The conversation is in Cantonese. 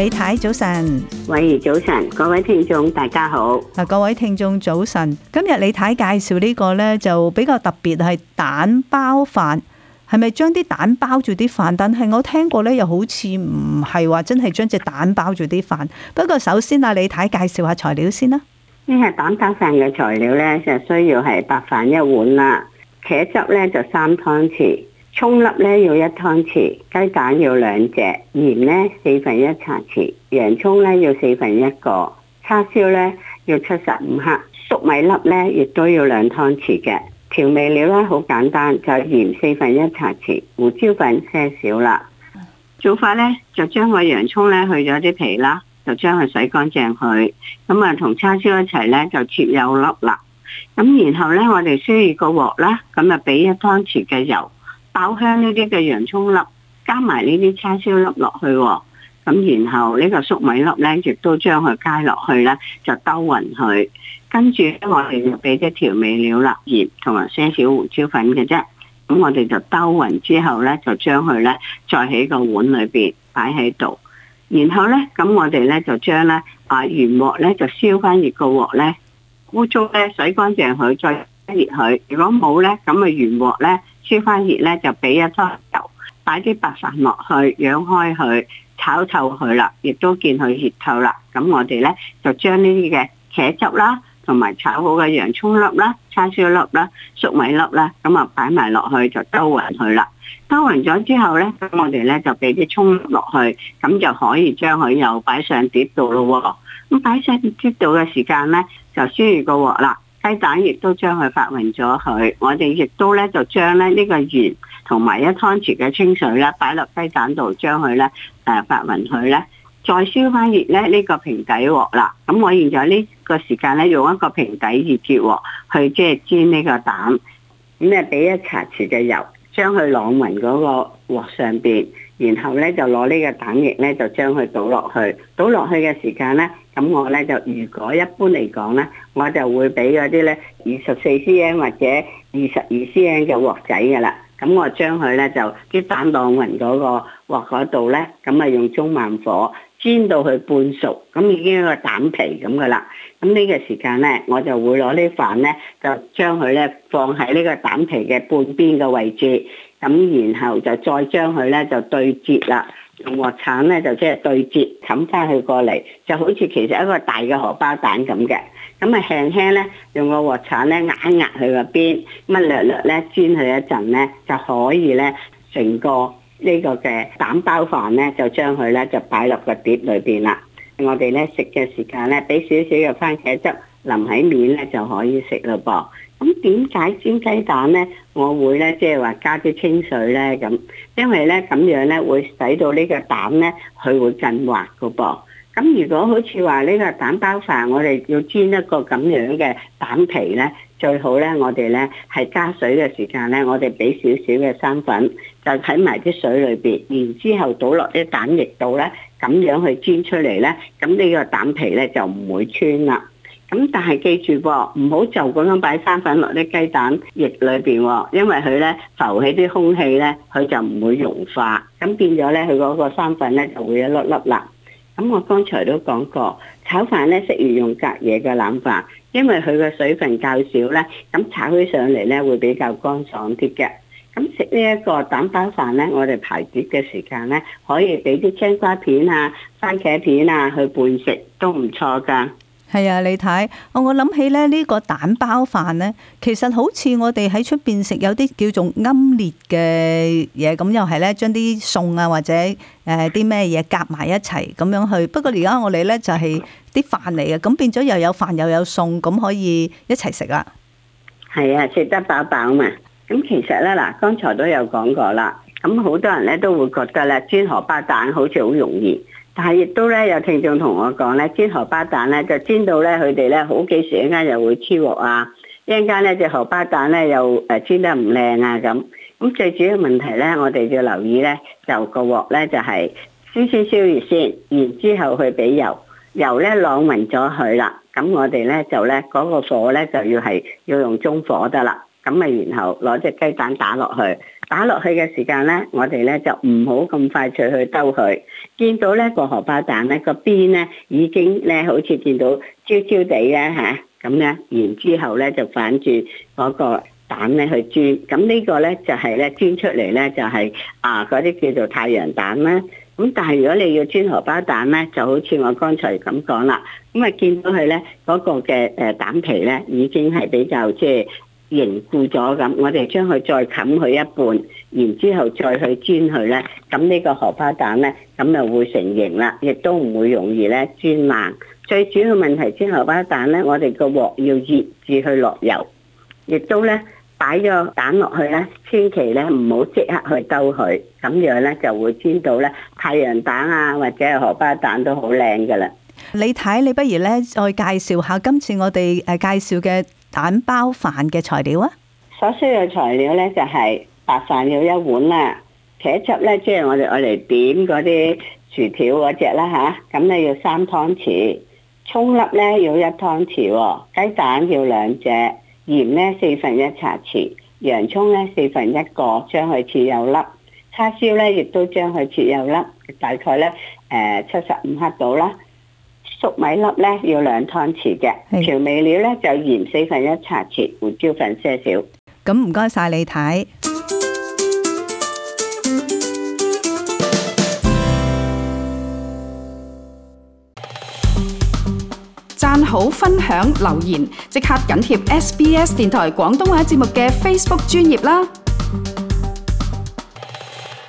李太早晨，偉儀早晨，各位聽眾大家好。嗱、啊，各位聽眾早晨。今日李太介紹呢個呢，就比較特別，係蛋包飯，係咪將啲蛋包住啲飯？但係我聽過呢，又好似唔係話真係將隻蛋包住啲飯。不過首先啊，李太介紹下材料先啦。呢係蛋包飯嘅材料呢，就需要係白飯一碗啦，茄汁呢，就三湯匙。蔥粒咧要一湯匙，雞蛋要兩隻，鹽咧四分一茶匙，洋蔥咧要四分一個，叉燒咧要七十五克，粟米粒咧亦都要兩湯匙嘅。調味料咧好簡單，就鹽四分一茶匙，胡椒粉些少啦。做法咧就將個洋蔥咧去咗啲皮啦，就將佢洗乾淨佢，咁啊同叉燒一齊咧就切幼粒啦。咁然後咧我哋需要個鑊啦，咁啊俾一湯匙嘅油。爆香呢啲嘅洋蔥粒，加埋呢啲叉燒粒落去，咁然後呢個粟米粒咧，亦都將佢加落去啦，就兜匀佢。跟住咧，我哋就俾啲調味料啦，鹽同埋些少胡椒粉嘅啫。咁我哋就兜匀之後咧，就將佢咧再喺個碗裏邊擺喺度。然後咧，咁我哋咧就將咧啊原鑊咧就燒翻熱個鑊咧，污糟咧洗乾淨佢，再熱佢。如果冇咧，咁啊原鑊咧。燒翻熱咧，就俾一湯油，擺啲白飯落去，養開佢，炒透佢啦，亦都見佢熱透啦。咁我哋咧就將呢啲嘅茄汁啦，同埋炒好嘅洋蔥粒啦、叉燒粒啦、粟米粒啦，咁啊擺埋落去就兜匀佢啦。兜匀咗之後咧，咁我哋咧就俾啲蔥落去，咁就可以將佢又擺上碟度咯。咁擺上碟度嘅時間咧，就燒完個鑊啦。雞蛋亦都將佢發勻咗佢，我哋亦都咧就將咧呢個鹽同埋一湯匙嘅清水咧擺落雞蛋度，將佢咧誒發勻佢咧，再燒翻熱咧呢個平底鑊啦。咁我現在呢個時間咧用一個平底熱鐵鑊去即係煎呢個蛋。咁啊，俾一茶匙嘅油，將佢攪勻嗰個鑊上邊，然後咧就攞呢個蛋液咧就將佢倒落去，倒落去嘅時間咧。咁我咧就如果一般嚟講咧，我就會俾嗰啲咧二十四 cm 或者二十二 cm 嘅鑊仔㗎啦。咁我將佢咧就啲蛋黃勻嗰個鑊嗰度咧，咁啊用中慢火煎到佢半熟，咁已經個蛋皮咁嘅啦。咁呢個時間咧，我就會攞啲飯咧，就將佢咧放喺呢個蛋皮嘅半邊嘅位置，咁然後就再將佢咧就對摺啦。用鑊鏟咧就即係對接，冚翻佢過嚟，就好似其實一個大嘅荷包蛋咁嘅。咁啊輕輕咧用個鑊鏟咧壓一壓佢個邊，咁啊略略咧煎佢一陣咧就可以咧，成個呢個嘅蛋包飯咧就將佢咧就擺落個碟裏邊啦。我哋咧食嘅時間咧俾少少嘅番茄汁淋喺面咧就可以食嘞噃。咁點解煎雞蛋咧？我會咧，即係話加啲清水咧，咁因為咧，咁樣咧會使到呢個蛋咧，佢會勁滑噶噃。咁如果好似話呢個蛋包飯，我哋要煎一個咁樣嘅蛋皮咧，最好咧，我哋咧係加水嘅時間咧，我哋俾少少嘅生粉，就喺埋啲水裏邊，然之後倒落啲蛋液度咧，咁樣去煎出嚟咧，咁呢個蛋皮咧就唔會穿啦。咁但係記住喎，唔好就咁樣擺生粉落啲雞蛋液裏邊喎，因為佢咧浮起啲空氣咧，佢就唔會融化，咁變咗咧佢嗰個生粉咧就會一粒粒啦。咁我剛才都講過，炒飯咧適宜用隔夜嘅冷飯，因為佢個水分較少咧，咁炒起上嚟咧會比較乾爽啲嘅。咁食呢一個蛋包飯咧，我哋排碟嘅時間咧，可以俾啲青瓜片啊、番茄片啊去拌食都唔錯噶。係啊，你睇我，我諗起咧，呢個蛋包飯咧，其實好似我哋喺出邊食有啲叫做奄列嘅嘢，咁又係咧將啲餸啊或者誒啲咩嘢夾埋一齊咁樣去。不過而家我哋咧就係啲飯嚟嘅，咁變咗又有飯又有餸，咁可以一齊食啦。係啊，食得飽飽嘛。咁其實咧嗱，剛才都有講過啦。咁好多人咧都會覺得咧煎荷包蛋好似好容易。但係亦都咧有聽眾同我講咧，煎荷包蛋咧就煎到咧佢哋咧好幾時，一陣間又會黐鑊啊，一陣間咧隻荷包蛋咧又誒煎得唔靚啊咁，咁最主要問題咧，我哋要留意咧就個鑊咧就係燒先燒，燒熱先，然之後去俾油，油咧搪勻咗佢啦，咁我哋咧就咧嗰個火咧就要係要用中火得啦。咁咪然後攞隻雞蛋打落去，打落去嘅時間咧，我哋咧就唔好咁快脆去兜佢。見到咧個荷包蛋咧個邊咧已經咧好似見到焦焦地咧吓，咁、啊、咧然之後咧就反轉嗰個蛋咧去煎。咁呢個咧就係咧煎出嚟咧就係、是、啊嗰啲叫做太陽蛋啦。咁但係如果你要煎荷包蛋咧，就好似我剛才咁講啦。咁啊見到佢咧嗰個嘅誒蛋皮咧已經係比較即係。凝固咗咁，我哋將佢再冚佢一半，然之後再去煎佢呢，咁呢個荷包蛋呢，咁又會成形啦，亦都唔會容易呢煎爛。最主要問題煎荷包蛋呢，我哋個鑊要熱至去落油，亦都呢擺咗蛋落去呢千祈呢唔好即刻去兜佢，咁樣呢就會煎到呢太陽蛋啊或者係荷包蛋都好靚噶啦。你睇你不如呢再介紹下今次我哋誒介紹嘅。蛋包飯嘅材料啊，所需要材料呢就係白飯要一碗啦，茄汁呢，即係我哋愛嚟點嗰啲薯條嗰隻啦吓，咁你要三湯匙，蔥粒呢，要一湯匙，雞蛋要兩隻，鹽呢，四份一茶匙，洋蔥呢，四份一個，將佢切幼粒，叉燒呢，亦都將佢切幼粒，大概呢，誒七十五克度啦。粟米粒咧要兩湯匙嘅調是的 味料咧就鹽四分一茶匙，胡椒粉些少。咁唔該晒你睇，讚好分享留言，即刻緊貼 SBS 電台廣東話節目嘅 Facebook 專頁啦。